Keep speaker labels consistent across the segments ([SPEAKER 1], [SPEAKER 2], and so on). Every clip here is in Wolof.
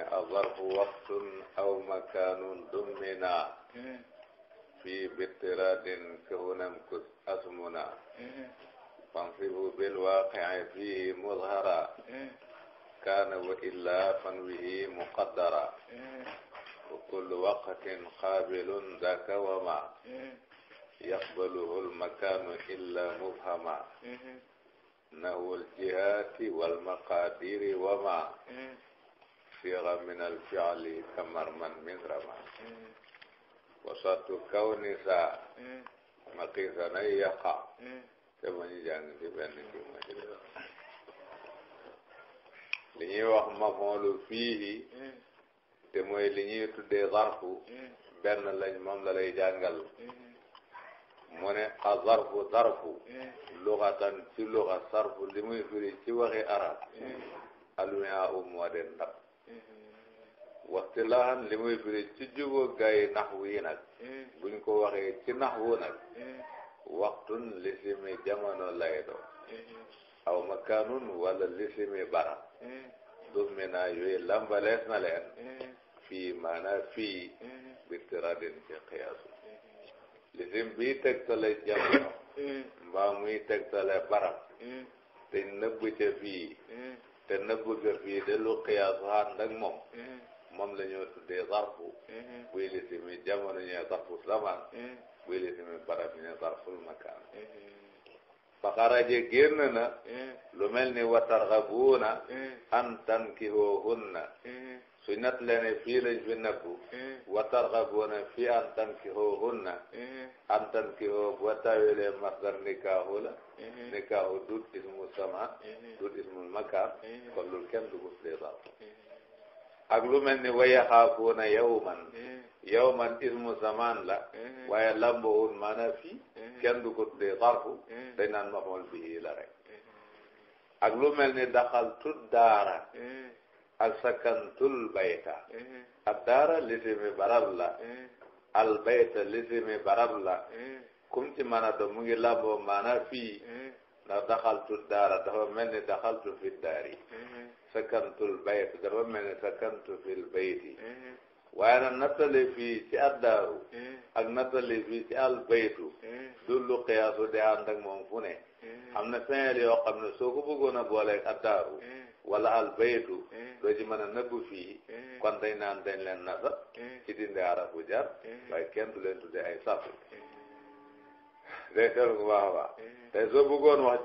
[SPEAKER 1] ne abarbu waqtun aw makaanun dummina fii bittiradin kahunan kus asmuna fansibu bil waaqii fihi muzhara kaana wa illa fanwihi muqaddara wa kullu waqtin qaabilun daka wama yaqbaluhu almakaanu illa mubhama nahwu aljihaati walmaqaadiri wama tafsira min alfiali kamarman min rama wasatu kawni makisa na yaqa te ma ñu jàng ci benn ci ma li ñuy wax mafonlu fiihi te mooy li ñuy tuddee zarfu benn lañ moom la lay jàngal mu ne a zarfu zarfu luxatan ci luxa sarfu li muy firi ci waxi arab almia u moo ndab waxtilaan li muy firi ci jubóo gaa yi nax wii nag buñ ko waxee ci nax wu nag waxtun lisimi jamono lay doon aw makaanun wala lisimi barab dummi naa yooyu lambalees na leen fii maanaa fii bi ci xiyaasu lisim tegta tegtale jamono mbaa muy tegtale barab te nëbb ca fii te nëbbu ga fii de lu xiyaas ànd ak moom eh. moom la ñoo tuddee zarfu eh. buy lisimi jamono ñee zarfu zaman eh. buy lisimi barab ñee zarful makaan Faxaraje génn na. Eh. lu mel ni watarxabuuna. Eh. an tankihoohunna. Eh. su ñu nat leen fii lañ fi nekku. watarxabuuna fii an tankihoohunna. an tankihoo bu taawilee masdar nikaahu la. nikaahu dut ismu sama. dut ismu makaar. kon loolu kenn du ko fee baax.
[SPEAKER 2] ak lu mel ni wayaxaafuuna yawman.
[SPEAKER 1] yawman ismu zaman la. waaye lambowul maana fii. kenn du ko tuddee xarfu mm. dañ naan mafool bii la rek mm. ak lu mel ni daxaltu daara mm. ak sakantul bayta ak daara lisimi barab la al bayta lisimi barab la kum ci mën a doon mu ngi làmboo maanaa fii ndax daxaltu daara dafa mel ni daxaltu fi daari sakantul bayta dafa mel ni sakantu fil bayti waaye nag nattale fii ci addaaru eh. ak nattale fii ci albaytu eh. dullu xiyaasu de ànd moom fu eh. am na fiil yoo xam ne soo ko bëggoon a booleeg addaaru wala albaytu doo ci mën a nëbbu fii kon day naan dañ leen nasab ci dindi arabu jar waaye kenn du leen tuddee ay safu day ko baax a baax tey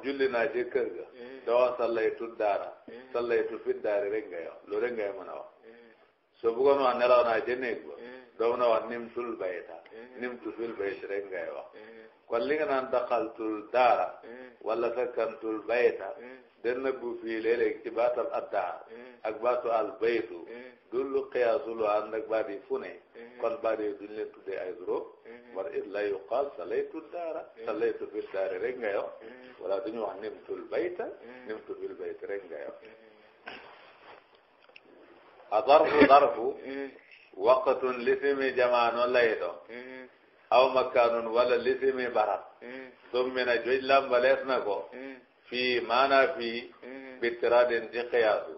[SPEAKER 1] julli naa ci kër ga doo wax sallaytu daara sallaytu fi daari rek ngay wax loolu rek ngay mën a so bëggoon wax nelaw naa ca néeg ba doo na wax nimtul bayta nimtu fil bayt rek ngay wax kon li nga naan daxaltul daara wala sakkantul bayta dana bu fii léeg-léeg ci baatal addaar ak baatu al baytu du lu xiyaasu lu ànd ak baat yi fu ne kon baat yi duñ leen tuddee ay zoro war it la yuqaal salaytu daara salaytu fil daari rek ngay wax wala duñu wax nimtul bayta nimtu fil bayt rek ngay wax a zarfu zarfu waqtun lisimi jamaano lay mm-hmm. aw makaanun wala lisimi barab summina mm-hmm. joj lambalees na ko mm-hmm. fii maana fii bittiradin ci xiyaasu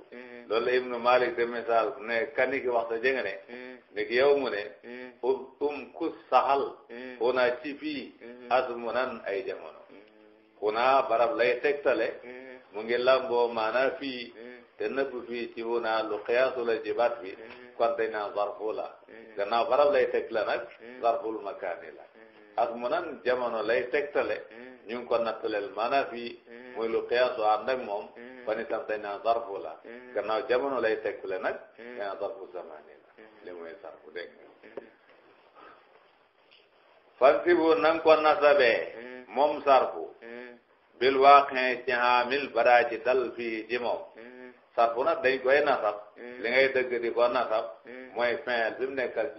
[SPEAKER 1] loolu la ibnu malik de misaal ne kani ki waxta jënga ne ne ki um, um ku saxal xunaa ci fii azmunan ay jamono xunaa barab lay tegtale mu ngi lamboo maana fii te nëbbu fii ci wu lu xiyaasu eh. eh. eh. la ci baat bi kon dañ naan la gannaaw barab lay teg la nag zarful makaani la ak mu nan jamono lay tegtale ñu ko nattaleel maanaa fii muy lu xiyaasu ànd ak moom kon itam dañ naan zarfu la gannaaw jamono lay tegtale nag dañ naan zarfu zamaani la li muy zarfu dégg nga fansibu nang ko nasabee moom zarfu bil waaqi ci haamil baraa ci dal fii ji moom sarfu nag dañ koy nasab mm. li ngay dëgg di ko nasab mm. mooy fi'il bi mu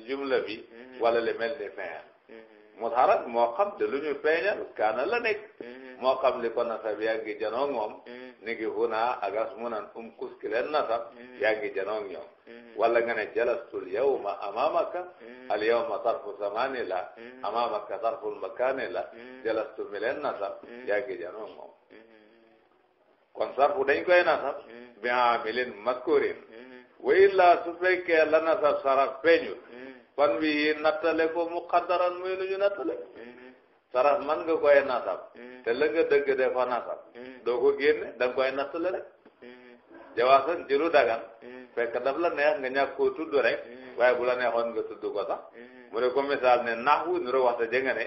[SPEAKER 1] jumla bi mm-hmm. wala li mel ni fi'il mm-hmm. mutharak moo xam lu ñu feeñal kaana la nekk mm-hmm. moo xam li ko nasab yaa ngi janoog moom ni ngi hunaa agas munan um kuski leen nasab yaa ngi janoog ñoom wala nga ne jalastul yawma amamaka al yawma sarfu zamani la amamaka sarful makani la jalastu mi leen nasab yaa ngi janoog kon sarfu dañ koy nasab bi amilin maskurin wa illa su fekkee la nasab saraf feeñul fan wi nattale ko muqaddaran muy lu ñu nattale saraf man nga koy nasab te la nga dëgg defa nasab doo ko génne da nga koy nattale rek jawaasan ci dagan fekk daf la neex nga ñàkk koo tudd rek waaye bu la neexoon nga tudd ko sax mu ne ko misaal ne naxwu waxta jënga ne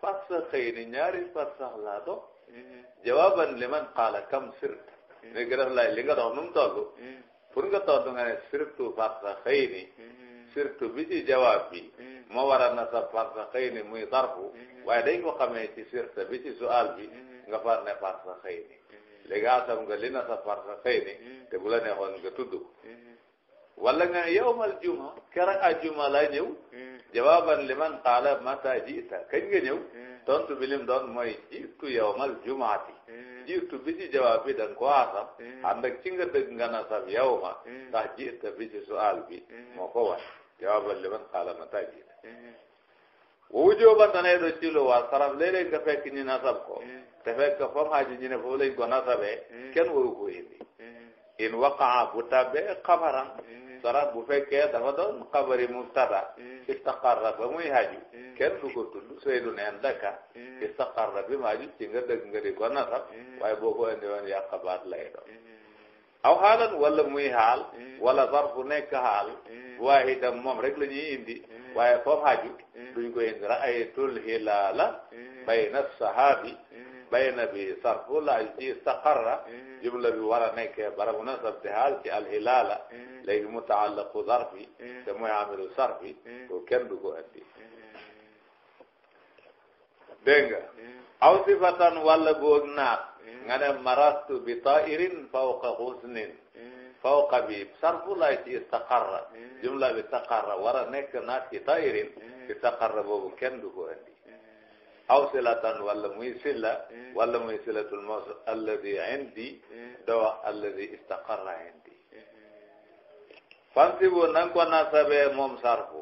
[SPEAKER 1] fas sa xëy ni ñaari fas sax laa dox jawaaban liman qaala kam sirta ne a daf laaj li nga dox nu mu toll pour nga toll nga ne surtout farta xëy bi ci jawaab bi moo wara a nasab farta xëy ni muy sarfu waaye dañ ko xamee ci bi ci sual bi nga far ne farta xëy ni léegi asam nga li nasab farta xëy ni te bu la neexoon nga tudd ko wala nga yawmal juma keroog ajuma laa ñëw jawaaban liman qaala mata jiita kañ nga ñëw tontu bi lim mooy jiitu yawmal jumaati eh. jiitu bi ci jawaab bi da ko asam eh. ànd ak ci nga nga na sab yow eh. jiita bi ci sual bi moo ko wan man xaala ma tàggit wu jooba danay do ci lu waa saraf léeg-léeg nga fekk ñu nasab ko te fekk fam xaaju ñu ne foofu lañ ko nasabee kenn waru ko indi in waqaa bu tabbee xabaran sara bu fekkee dafa doon xabari mubtada mm. istaqarra ba muy haju mm. kenn du ko tudd Seydou neen daka mm. istaqarra bi mu haju ci nga dëgg nga di ko nasab waaye boo ko indi woon yaa xabaat lay doon wala muy xaal wala zarfu nekk xaal waaye itam moom rek la ñuy indi waaye foofu haju duñ ko indi ra'aytul bay bayna sahabi bayna bi sarfu la ci istaqarra jumla bi war a nekkee barabu nasab te xaal al ilaala eh. léegi mu taallaqu zarfi eh. te mooy amilu sarfi ko eh. kenn du ko addi dégg nga aw sifatan walla boog marastu bi tairin fawqa xusnin fawqa bi sarfu lay ci istaqarra jumla bi istaqarra war a nekk naat ci tairin istaqarra boobu kenn du ko addi aw silatan walla muy silla walla muy silatul mawt alladi indi doo wax alladi istaqarra indi fansibu nanga ko nasabee moom sarfu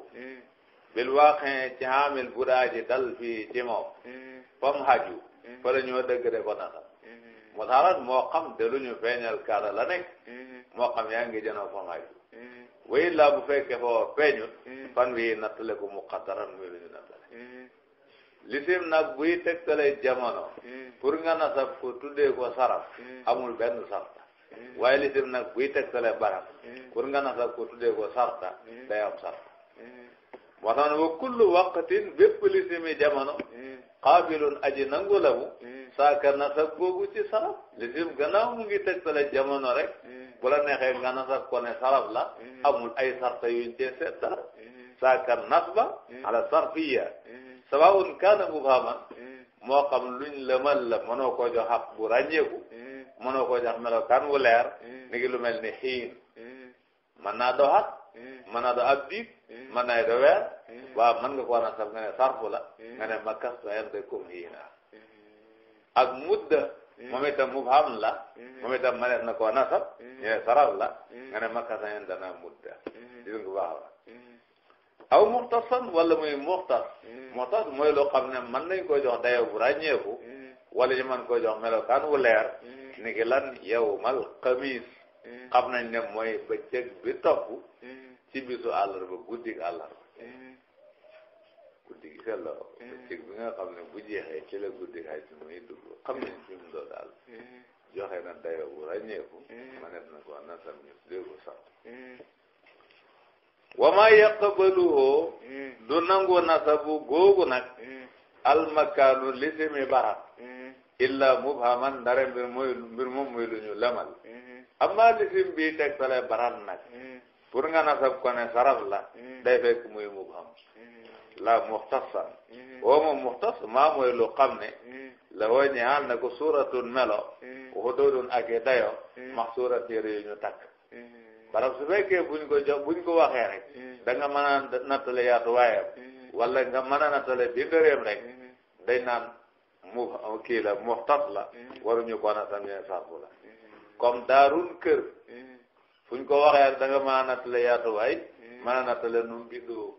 [SPEAKER 1] bil waaqi ci xaamil bu daaji dal fii ci moom
[SPEAKER 2] fam haju fa
[SPEAKER 1] la ñoo dëgg de ko nasab mu taarat moo xam de feeñal kaala la nekk moo xam yaa ngi jënoo fam haju way laa bu fekke foo feeñut fan wi nattale ko muqaddaran muy lu ñu lisim nag buy tegtale jamono hmm. pour nga nasab ko tuddee ko saraf hmm. amul benn sarta hmm. waaye lisim nag buy tegtale barab pour nga nasab ko tuddee ko sarta day am sarta moo tax ne wa kullu waqtin bépp jamono qaabilun aji nangu la mu saaka nasab googu ci saraf lisim gannaaw mu ngi tegtale jamono rek bu la neexee nga nasab ko ne saraf la amul ay sarta yuñ cee seet dara saaka nasba ala sarfiya sawaawun kaana mubhaman eh. moo xam luñ lëmal la mënoo koo jox xaq bu ràññeeku eh. mënoo koo jox melokaan wu eh. ni ngi lu mel ni xiin mën naa doo xaq mën naa doo ab diig mën naa doo weer waaw nga ko war a saf nga ne sarfu la nga ne makkas doyen de kum xiina ak mudda moom itam mubham la moom itam mënees na koo nasab ñu la nga ne makkas doyen dana mudda gis nga baax aw muxtasan wala muy muxtas muxtas mm. mooy loo xam ne man nañ ko jox dayo bu ràññeeku mm. wala ñu man ko jox melokaan wu leer mm. ni ki lan yawmal xamiis xam nañ ne mooy bëccëg bi topp ci bisu àllarba guddig guddi guddig selo bëccëg bi nga xam ne bu jeexee ci la guddig xaj bi muy dugg xam nañ fi mu doo daal joxe na dayo bu ràññeeku ma nef na ko nasam ñu déggu sax wama yaqbaluhu hmm. du nangu nasabu googu nag hmm. almakaanu lisimi barab hmm. illa mubhaman ndare mbir muy mbir moom muy lu ñu lemal amma lisim bii teg sale barab nag pour nga nasab ko ne saraf la day fekk muy mubham la muxtasan woo moom muxtas maa mooy lu xam ne la woo ñaal na ko suuratun melo waxu doodun ak dayo max suura téere ñu takk barab su fekkee buñ ko jox ñu ko waxee rek danga nga mën a nattale yaatuwaayam wala nga mën a nattale dindareem rek day naan mu kii la muxtas la waruñu ko na sam yeen la comme daarun kër fuñ ko waxee danga da nga mën a nattale yaatuwaay mën a nattale nu mu bindoo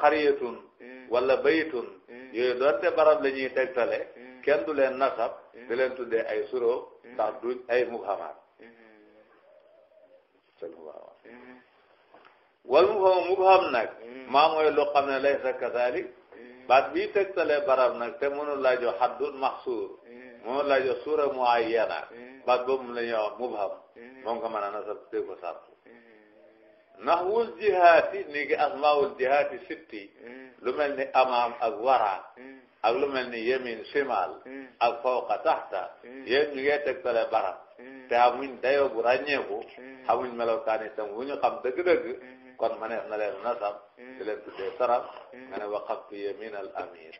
[SPEAKER 1] xariyatun wala baytun yooyu doonte barab la tegtale kenn du leen nasab di leen tuddee ay suroo ndax duñ ay mubhamaat wal mu xam mubham nag mm-hmm. maa mooy lu xam ne laysa kazalik mm-hmm. baat bii tegtale barab nag te mënul laa jox xaddun maxsuur mm-hmm. mënul laa jox suura muayyana baat boobu mu la ñuy wax mubham moom nga mën a nasab te ko sartu ndax wul jihaati ni ngi asmaawul jihaati sitti lu mel ni amaam ak waraa ak lu mel ni yemin simal hmm. ak fawqa taxta hmm. yéen ñu ngee tegtale barab hmm. te xamuñ dayoo bu ràññeeku xamuñ melokaan itam wu ñu xam dëgg-dëgg kon ma neex leen nasab di leen tuddee sarab nga ne waqaf fi yamin al amir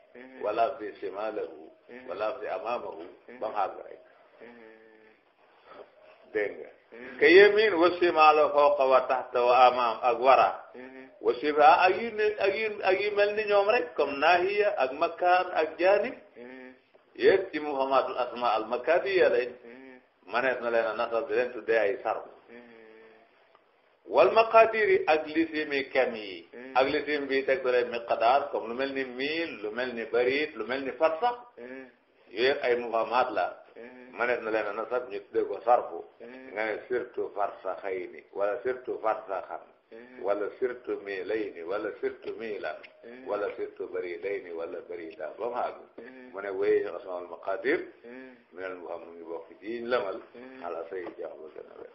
[SPEAKER 1] wala fi simalahu wala fi amaamahu ba mu dégg nga ka yemin wasimalo fawqa wa taxta wa amaam ak wara mm-hmm. wasifa ak yu ne mel ni ñoom rek comme nahiya ak makaan ak janib mm-hmm. yépp ci mufamatul asma al makadiya lañ mm-hmm. manees na a leen tuddee ay sarf wal maqadiri ak lisimi kem yi ak lisim bi teg tale miqdar comme lu mel ni mil lu mel ni barit lu mel ni farsax yooyu yëpp ay mubhamaat la eh. manees na leen a nasab ñu tuddee ko sarfu eh. nga ne surtout farsaxayni wala surtout farsaxan eh. wala surtout miilayni wala surtout miilan wala surtout baridayni wala barida ba mu àgg mu ne wéy ñu asmaal maqadir minal mu xam mu ngi bokk ci yiñ lamal ala say jox ba gën a wér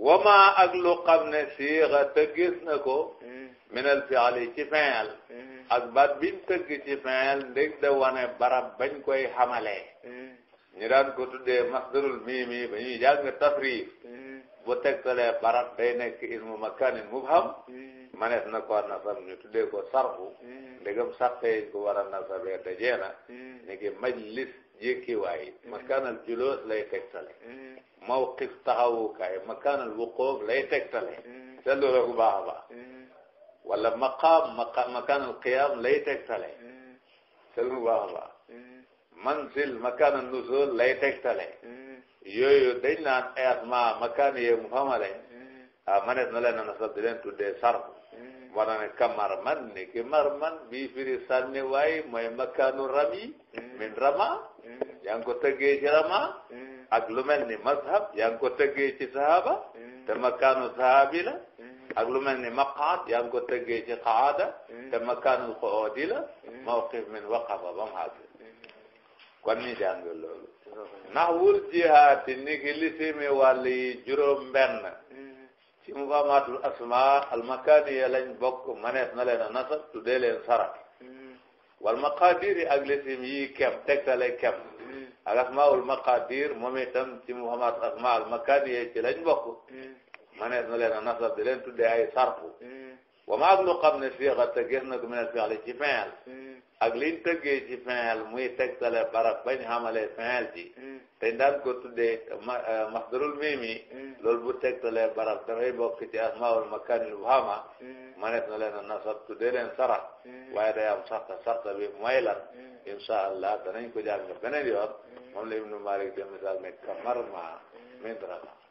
[SPEAKER 1] wama ak lu xam ne siixa tëggis na ko mm-hmm. minal fiali ci fiil mm-hmm. ak baat biñ tëgg ci fiil ndég da wane barab bañ koy xamalee mm-hmm. ñu daan ko tuddee masdarul miimi ba ñuy jàng tasrif bu tegtalee barab day nekk ilmu makanin mubham hmm. manees na ko nasab ñu tuddee ko sarfu hmm. ndegam sarfee ko war a nasabee dajee na ñu hmm. ngi majlis jékkiwaay makanal julóos lay tegtale mawqif taxawukaay makanal wuqoof lay tegtale seetlu nga bu baax a baax wala maqaam makanal qiyaam lay tegtale seetlu bu a baax manzil yooyu dañ naan ay asmaa makaaniye mu famale mm-hmm. ah manees leen a nasab di leen tuddee sarf
[SPEAKER 2] mm-hmm. moo
[SPEAKER 1] tax ne ka marman ni ki marman bii firi sànni waaye mooy makaanu rami mm-hmm. min rama yaa ngi ko tëggee ci rama ak lu mel ni mazhab yaa ngi ko tëggee ci sahaba te makaanu sahabi la ak mel ni maqaad yaa ngi ko tëggee ci qaada te makaanu xoodi la mawqif min waqafa ba mu kon ñu jàng loolu ndax wul ni ki lisimi wàll yi juróom benn ci mu al asma almakaniya lañ bokk manees na leen a nasab tuddee leen sarat wal maqadiri ak lisim yi kem tegtale kem ak asmaul maqadir moom itam ci mu faamaatul asma ye ci lañ bokk manees na leen a nasab di leen tuddee ay sarfu wa ma ak lu xam ne siixat te gis na ko minel fi'li ci fi'l ak liñ tëggee ci muy muy tegtale barab bañ xamale feneel ji hmm. te daan ko tuddee eh, masdarul mimi hmm. loolu bu tegtale barab dafay bokk ci asmaul makanil muhamma
[SPEAKER 2] hmm. manet
[SPEAKER 1] na leen a nasab tuddee leen sarat waaye day am sarta sarta bi mooy lan insha allah danañ ko jàng beneen yoon moom la a malik de misaal ne drama